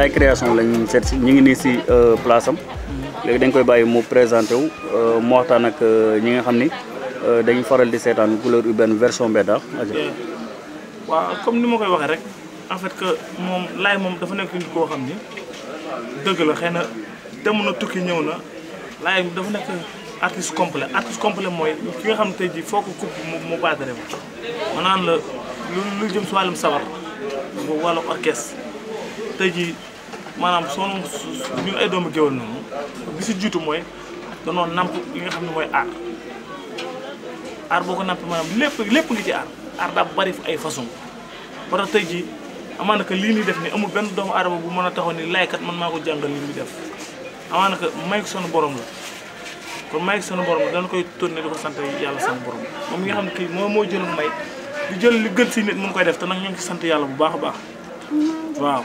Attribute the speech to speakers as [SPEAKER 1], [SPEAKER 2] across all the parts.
[SPEAKER 1] Laye Création lañ seet si ñu ngi nii si euh, place léegi dañ koy bàyyi mu présenté wu euh, mu waxtaan ak euh, ñi nga xam ni dañuy faral di seetaan couleur urbaine version Mbedda.
[SPEAKER 2] waaw comme ni ma koy waxee rek en fait que moom Laye moom dafa nekk nit koo xam ni dëgg la xëy na dem na tukki ñëw na Laye dafa nekk artiste complet artiste complet mooy ki nga xam ne tey jii foo ko coupe mu mu baatare naan la lu lu jëm si wàllum sabar wala orchestre tey manam son ñu ay doomu géwal noonu bi si moy da non namp li nga xamni moy mooy ar boko namp manam lepp lepp ngi ci ar aar da bari ay façon ba tax tey jii amaana que ni def ni amu ben doomu aadama bu meuna a taxaw ni man mako jangal li muy def amana ka may sonu borom la kon may sonu borom la koy tourner diko sante yalla sonu borom moom nga xamni ne mo jël may di jël li gën ci nit ngi koy def te nak ñu ngi sante yalla bu baax baax waaw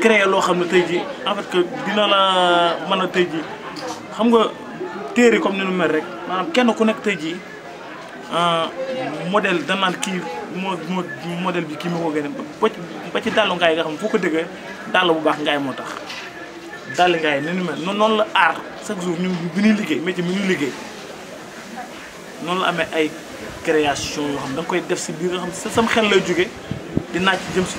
[SPEAKER 2] créer lo xamné ne tey en fait que dina la mëna a tey xam nga téré comme ni nu mel rek manam kenn ku nekk tey euh modèle da naan kii mo moo modèle bi ki moo ko gën ba ci dalu ngaay nga xam fu ko déggee dalu bu baax ngaay mo tax dalu ngaay ni nu mel non la aar chaque jour ñu bi ñuy liggéey métier bi ñuy liggéey noonu la amé ay création yo xam da koy def ci bi nga xam sa sam xel lay jóge dinaa ci jëm ci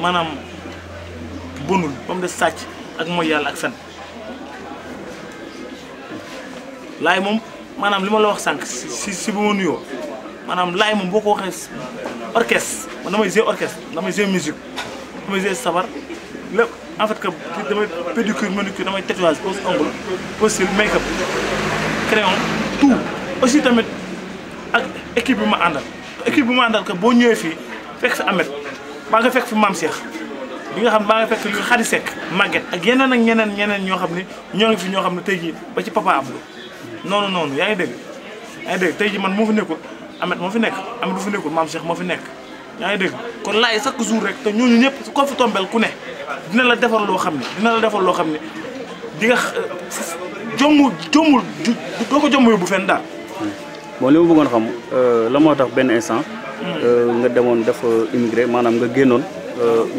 [SPEAKER 2] Manam bonul ba de des ak moy yalla ak fen lay mom manam la wax si si bu là, manam lay mom boko je orchestre man damay jouer orchestre damay je musique damay jouer sabar le en fait que damay pédicure manucure damay tatouage pose ongle pose make-up crayon tout aussi tamit ak équipe bi ma équipe bi ma que maa nga fekk fi maam Cheikh bi nga xam maa nga fekk li xari Seck màgget ak yeneen ak ñeneen ñeneen ñoo xam ne ñoo ngi ñoo xam ne tey jii ba ci papa Abdou noonu noonu yaa ngi dégg yaa ngi dégg tey jii man moo fi nekkul Amet moo fi nekk Amet du fi nekkul maam Cheikh moo fi nekk yaa ngi dégg kon laay chaque jour rek te ñooñu ñëpp su ko fi tombel ku ne dina la defar loo xam ne dina la defar loo xam ne di nga euh, jommul doo ko jomm bu fen daal
[SPEAKER 1] bon li bëggoon xam euh, la moo tax benn instant. Euh, nga demoon def euh, immigré maanaam nga génnoon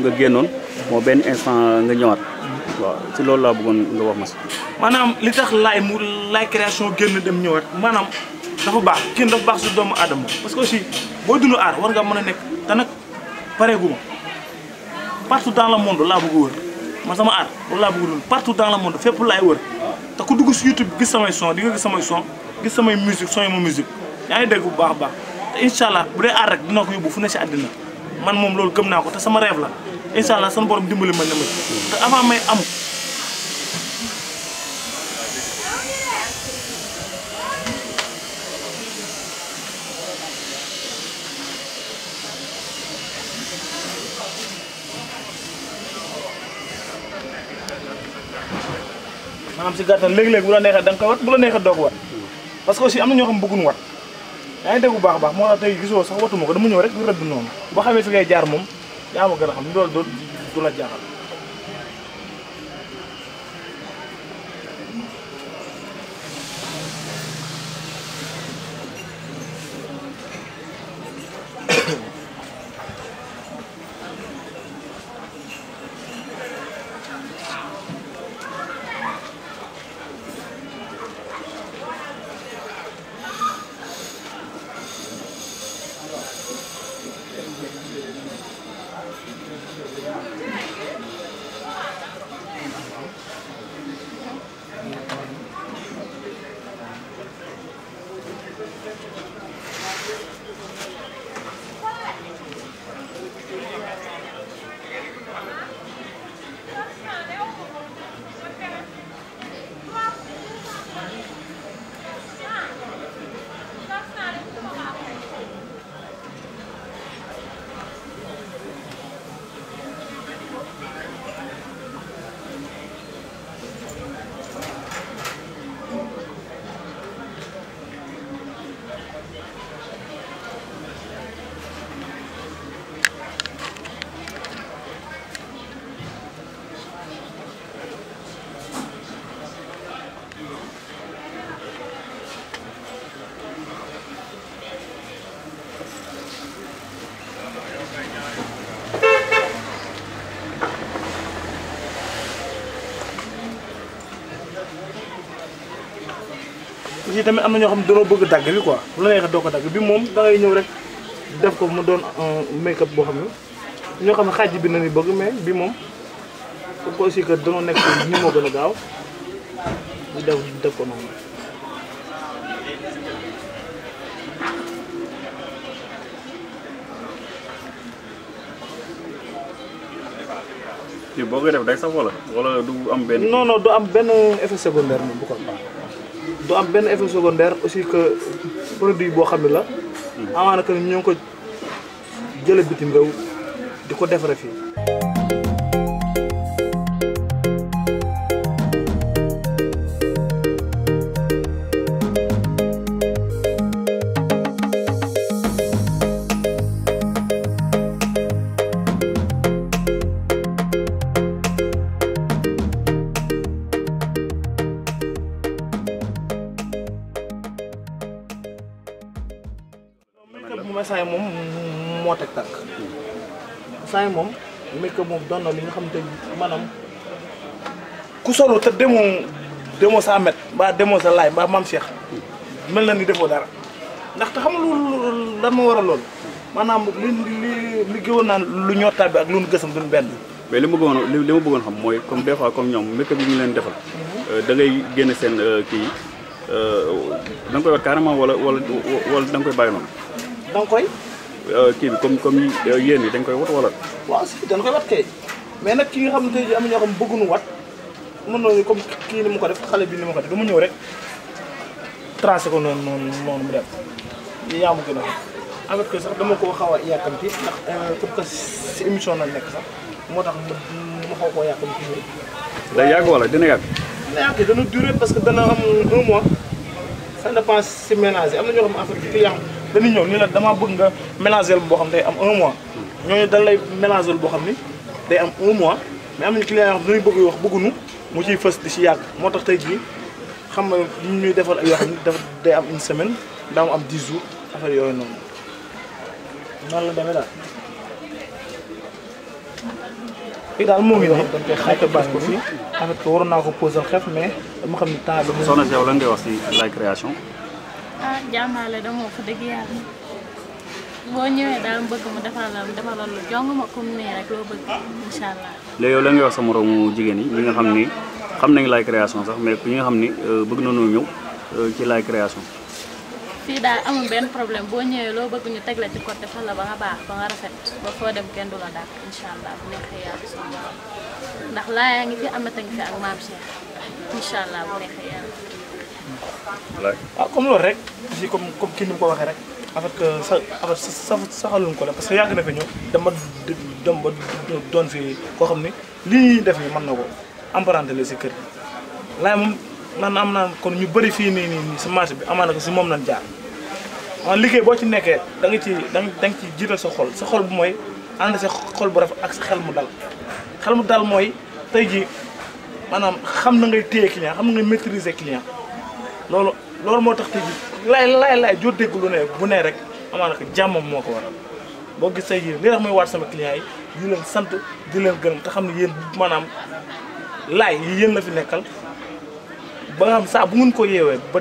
[SPEAKER 1] nga génnoon moo benn instant nga ñëwaat. waaw ci loolu laa bëggoon nga wax
[SPEAKER 2] ma li tax laay mu création dem ñëwaat dafa parce que aussi boo dund aar war nga mën a nekk te nag partout dans le monde laa bëgg wër man sama aar partout dans le monde fépp laay wër. te ku dugg si YouTube gis samay son di gis samay son gis samay musique son yi ma musique yaa ngi dégg bu baax a baax te incha bu dee aar rek dina ko yóbbu fu ne si àddina man moom loolu gëm naa ko te sama rêve la incha allah sama borom dimbali ma ne ma te avant may am si gàttal léeg-léeg bu la neexee da nga koy wat bu la neexee doo ko wat parce que aussi am na ñoo xam bëgguñu wat yaa ngi dégg bu baax baax moo tax tey gisoo sax watuma ko dama ñëw rek rëdd noonu boo xamee fi ngay jaar moom yaa ma gën a xam loolu doo du la jaaxal yi tamit am na ñoo xam ne dañoo bëgg dagg bi quoi bu la doo ko dagg bi moom da ngay ñëw rek def ko mu doon make boo xam ne ñoo xam ne xaaj bi nañu bëgg mais bi moom comme que aussi que dañoo nekk nii moo gën a gaaw def ko noonu. kii boo koy def day sax wala wala du am benn. noonoo du am benn effet secondaire moom bu ko du am benn effet secondaire aussi que produit boo xam ne la. Hmm. amaana que ñoo ko jëlee bitim réew di ko defaree fi moom saa moom moo teg tànk saa moom météo moom doon na li nga xam te maanaam ku solo te demoo demoo sa met mbaa demoo sa laay mbaa maam Cheikh mel na ni defoo dara ndax te xam nga loolu lan moo waral loolu maanaam li li liggéeyoon naan lu ñor taal ak lu nu gësam duñ benn. mais li ma bëggoon
[SPEAKER 1] li ma bëggoon xam mooy comme des fois comme ñoom météo bi ñu leen defal. Euh, da génn seen euh, kii euh, da nga koy wax carrément wala wala wala da nga koy bàyyi noonu.
[SPEAKER 2] da nga koy kii bi comme comme yéen yi dañ koy wat wala waaw si dañ koy wat kay mais nag ki nga xam tey ji am ñoo xam bëgguñu wat mën nañu comme kii ni mu ko def xale bi ni mu ko def dama ñëw rek tracé ko noonu noonu noonu mu dem ñu yaa ma gën a xam avec que sax dama ko xaw a yàkkamti ndax pour que un dañuy ñëw nii la damaa bëgg nga mélanger boo xam day am un mois ñooñu dañ lay mélanger boo xam ni day am un mois mais am nañu client yoo xam dañuy bëgg wax bëgguñu mu ciy fës di si yàgg moo tax tey jii xam nga ñu ñuy defal ay yoo xam ni dafa day am une semaine daa mu am 10 jours affaire yooyu noonu noonu la demee daal. fii daal moo ngi nii dañ koy xayma baax ko fii en fait waroon naa ko posé xef mais dama xam ni temps bi. soxna si yow
[SPEAKER 1] wax si la création.
[SPEAKER 2] ah jàmbaale dama dëgg yàlla boo ñëwee daal bëgg mu defal la defalal lu jong ma comme nii rek loo bëgg incha allah.
[SPEAKER 1] léegi yow la wax sa moroomu jigéen ñi ñi nga xam ni xam nañ Laye Création sax mais xam ni euh, bëgg na noo ñëw euh, ci Laye Création.
[SPEAKER 2] fii daal amul benn problème boo ñëwee loo bëgg ñu teg ci côté defal ba nga baax ba nga rafet ba foo dem kenn du la dàq incha allah bu neexee yàlla ndax laa yaa ngi fi amata ngi fi ak maam Cheikh incha allah bu neexee yàlla. waaw ah, comme loolu rek si comme comme kii ni mu ko waxee rek affaire que sa affaire sa saxaluñ ko la parce que yàgg na fi ñëw dama dem ba doon fi koo xam ne def nii mën na ko emprunté la kër gi laay man am naa kon ñu bëri fii nii nii si marché bi amaana ko si moom lañ jaar man liggéey boo ci nekkee da nga ci da nga ci sa xol sa xol bu sa xol bu ak sa xel mu dal xel mu dal mooy tey jii maanaam xam na ngay client xam na ngay maîtriser client loolu loolu moo tax te lay laay lay joo dégg lu ne bu ne rek amaana ko jàmmam moo ko waral boo gis say yéen li tax may waat sama client yi leen sant di leen gërëm te xam ne yéen maanaam laay yi yéen la fi nekkal ba nga xam saa bu ngeen ko yeewee ba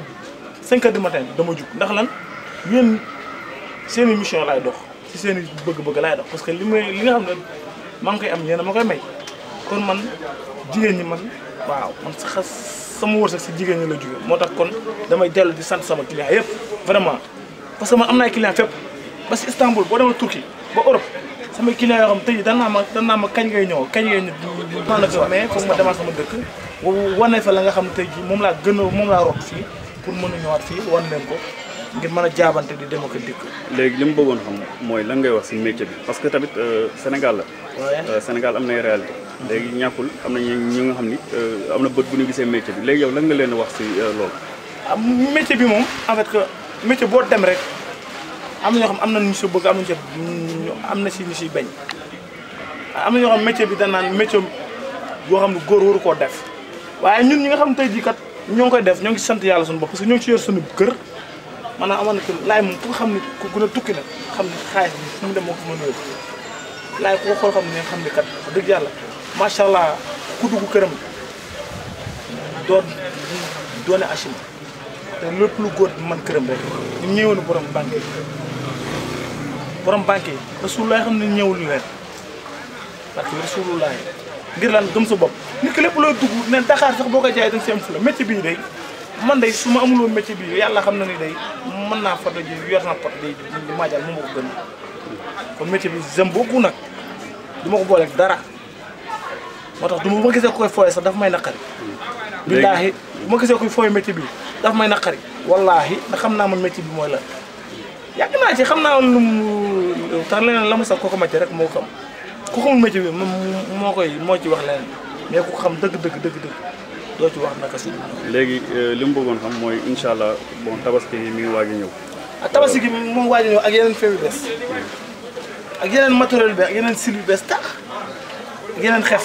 [SPEAKER 2] 5 heures du matin dama jug ndax lan yéen seen i mission laay dox ci seen i bëgg-bëgg laay dox parce que li may li nga xam ne maa ngi koy am yéen a ma koy may kon man jigéen ñi man waaw man sax sama wërsëg si jigéen ñi la jugee moo tax kon damay dellu di sant sama client yëpp vraiment parce que man am naa client fépp ba si Istanbul boo demee Turquie ba Europe samay client yoo xam tey dan naa ma dan naa ma kañ ngay ñëw kañ ngay ñëw mais foog ma demaat sama dëkk wane fa la nga xam tey jii moom laa gën a moom laa rot fii pour mën a ñëwaat fii wan leen ko ngir mën a jaabante di dem ak a dikk
[SPEAKER 1] léegi li mu bëggoon xam mooy lan ngay wax si métier bi parce que tamit euh, Sénégal la euh, Sénégal am nay réalité léegi ñàkkul am na ñi nga xam ni euh, am na bët bu ñu gisee métier bi léegi yow lan nga leen wax si euh, lool
[SPEAKER 2] ah métier bi moom en que métier boo dem rek am na am na ñu si bëgg am na ñu si am na si ñu si am na ñoo xam métier bi danaan métier boo xam ne góor waru koo def waaye ñun ñu nga xam tey jii kat ñoo ngi koy def ñoo ngi sant yàlla suñu bopp parce que ñoo ngi ci yor suñu kër maanaam amoon na kër laay moom ku xam ne ku gën a tukki nag xam ne xaalis bi mu dem moo ko mën a yóbbu laay ku xam ne xam yàlla macha allah ku dugg këram doon doone Hachim lu góor man kërëm rek ñu ñëwoon borom banké borom banké rasulullah xamna ne ñëwul leen parce que rasulullah ngir lan gëm su bop nit lepp lo dugg Dakar sax boo jaay dañ si fulu fula métier bi day man day suma amul won métier bi yalla xamna ni day man na fa ji yor na pot day maajal moom mu ko gën kon métier bi zëm bokku nak duma ko bolé dara motax duma ma gisee koy foyé sax daf may nakari billahi ma gisee koy foyé métier bi daf may nakari wallahi da xamna man métier bi moy la yag na ci xamna naa lu mu leen leneen la ma sax koko métier rek moo xam ku xamul métier bi mo koy mo ci wax leen mais ku xam deug deug deug deug do ci wax naka ci
[SPEAKER 1] légui limu bëggon xam moy inshallah bon tabaski mi ngi waji ñëw.
[SPEAKER 2] tabaski mi mo waji ñëw ak yeneen feewu yu ak yeneen matériel bi ak yeneen silu bes tax ak yeneen xef.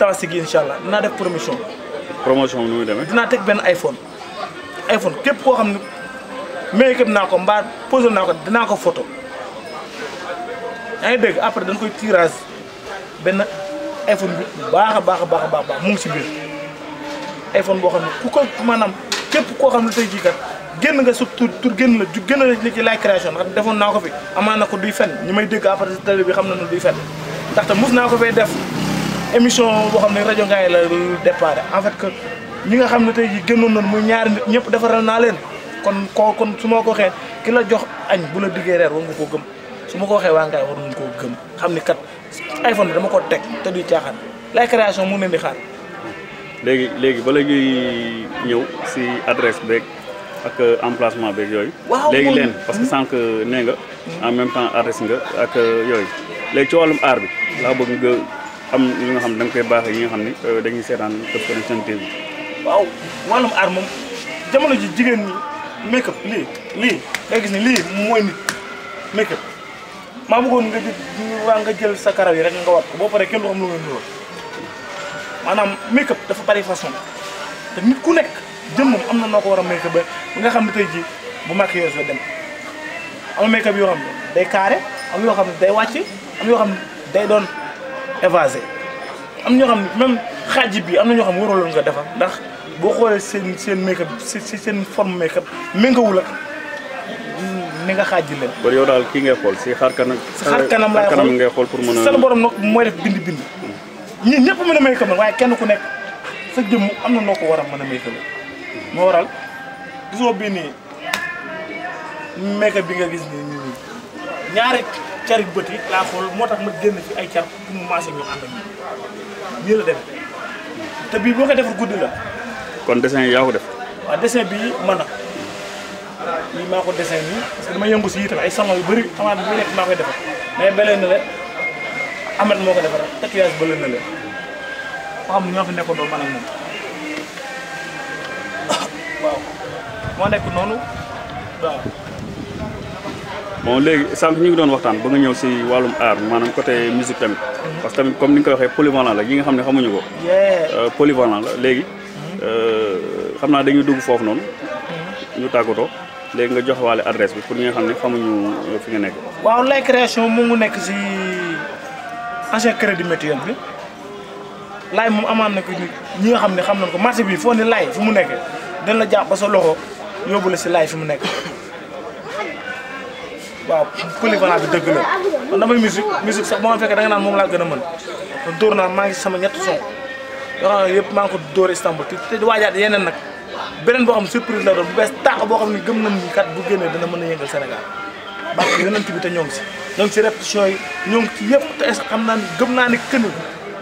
[SPEAKER 2] tabaski gi incha allah dinaa def promotion.
[SPEAKER 1] promotion bi nu
[SPEAKER 2] teg benn iPhone. iPhone képp koo xam ne make up naa ko mbaa posé naa ko dinaa ko photo yaa ngi dégg après koy tirage benn iPhone bi baax a baax a baax a mu ngi si biir boo xam ne ku maanaam képp koo xam ne tey jii kat génn nga sa tur tur génn la ju génn la ci laay création ndax defoon naa ko fi amaan na ko duy fen ñu may dégg après télé bi xam na ne duy fen ndaxte mus naa ko fay def. émission boo xam ne rajo Ngaye la départ en fait que ñi nga xam ne tey jii génnoon na muy ñaar nit ñëpp defaral naa leen kon koo kon su ma ko waxee ki jox añ bu la diggee reer war nga koo gëm su ma ko waxee waa Ngaye war nañ koo gëm xam ni kat iPhone bi dama ko teg te du caaxaan la création mu leen di xaar.
[SPEAKER 1] léegi léegi bala ñuy ñëw si adresse beeg ak emplacement beeg yooyu. léegi leen parce que hmm. sànq nee nga. en même temps adresse nga ak yooyu. léegi ci wàllum aar bi laa bëgg nga. am na nga xam da nga koy baax yi nga xam ne euh, dañuy seetaan def ko seen TV.
[SPEAKER 2] waaw wàllum aar moom jamono ji jigéen ñi make up lii lii nga gis nga waa nga jël sa karaw yi rek nga wat ko boo paree kenn du am lu nga nuroo maanaam make up dafa bari façon te nit ku nekk jëmmam am na noo ko war a make up nga xam ne tey jii bu maquilleuse la dem am make up yoo xam ne day carré am yoo xam ne day wàcc am yoo xam day doon. évasé am ñoo xam ne même xaaj bi am na ñoo xam ne waraloon nga defar ndax boo xoolee seen seen make up seen forme make up méngawul ak ni nga xaaj leen.
[SPEAKER 1] ba yow daal kii ngay xool si xar kanam. xar kanam laay xool ngay xool a. seen borom
[SPEAKER 2] nag mooy def bind bind. ñun ñëpp mën a make up waaye kenn ku nekk sa jëmm am na noo ko war a mën a make up moo gisoo bii nii make bi nga gis nii ñaari. ciar bët yi la xol motax ma genn ci ay ciar pour mu maase ñu and ak ñii la def te bi boo ko defar guddi la.
[SPEAKER 1] kon dessin ya ko def.
[SPEAKER 2] wa dessin bi man na lii maa ko dessin ni parce que dama yëngu ci yitam ay salon yu bari xamaa bi nek ma koy defar mais belen na la amad moko ko defar tatouage beleen na la xam ñoo fi nekkoon do man ak moom waaw mo nekk nonu waaw.
[SPEAKER 1] bon léegi sànq ñu ngi doon waxtaan ba nga ñëw si wàllum aar maanaam côté musique tamit parce que tamit comme ni nga ko waxee polyvalent la yi nga xam ne xamuñu ko euh, polyvalent la léegi mm-hmm. euh, xam naa dañuy dugg foofu noonu
[SPEAKER 2] mm-hmm.
[SPEAKER 1] ñu tàggatoo léegi nga jox waale adresse bi pour ñi nga xam ne xamuñu euh, fi nga nekk
[SPEAKER 2] waaw lay création mu nekk si ancien crédit mutuel bi laay moom na ko ñi nga xam ne xam nañ ko marché bi foo ni laay fi mu nekk dañ la jàpp ba sa loxo yóbbu si laay fi mu nekk waaw polyvalent bi dëgg la man damay musique musique sax bu namun fekkee da nga naan sama ñetti son yoo xam ne yëpp maa ngi ko dóor Istanbul te di waajaat yeneen nag beneen boo xam surprise la doon bu bees tàq boo xam ne gëm nañu kat bu génnee dana mën a yëngal Sénégal baax yeneen bi te ñoo ngi si ñoo ngi si répétition yi ñoo ngi ci yëpp te xam naa ni gëm naa ni kënu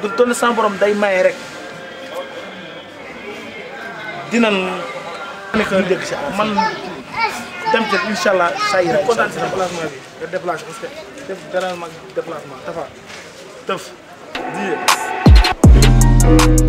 [SPEAKER 2] du doon sama borom day maye rek dinañ nekk njëkk si man dem ca incha allah saa yi kontaan si déplacement bi nga déplacé parce que def garaawal mag déplacement tafa tëf di